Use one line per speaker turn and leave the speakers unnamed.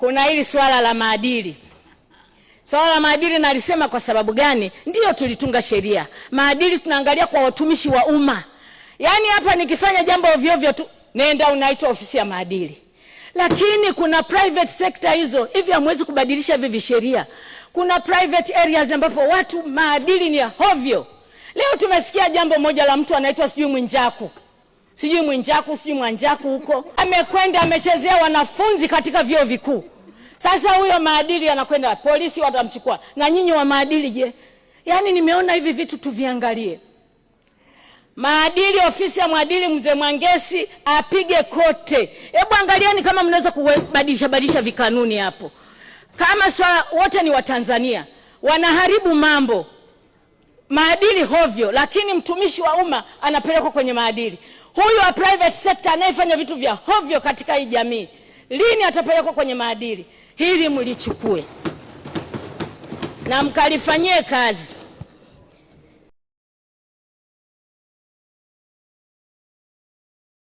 kuna hili swala la maadili. Swala la maadili nalisema kwa sababu gani? Ndiyo, tulitunga sheria maadili, tunaangalia kwa watumishi wa umma. Yaani hapa nikifanya jambo ovyovyo tu, nenda unaitwa ofisi ya maadili lakini kuna private sector hizo hivi, hamwezi kubadilisha hivi visheria. Kuna private areas ambapo watu maadili ni ya hovyo. Leo tumesikia jambo moja la mtu anaitwa sijui mwinjaku sijui Mwinjaku sijui Mwanjaku huko, amekwenda amechezea wanafunzi katika vyuo vikuu. Sasa huyo maadili anakwenda, polisi watamchukua. Na nyinyi wa maadili je? Yaani nimeona hivi vitu tuviangalie. Maadili, ofisi ya mwadili mzee Mwangesi apige kote. Hebu angalieni kama mnaweza kubadilisha badilisha vikanuni hapo, kama swala wote ni Watanzania wanaharibu mambo maadili hovyo, lakini mtumishi wa umma anapelekwa kwenye maadili. Huyu wa private sector anayefanya vitu vya hovyo katika hii jamii lini atapelekwa kwenye maadili? Hili mlichukue na mkalifanyie kazi.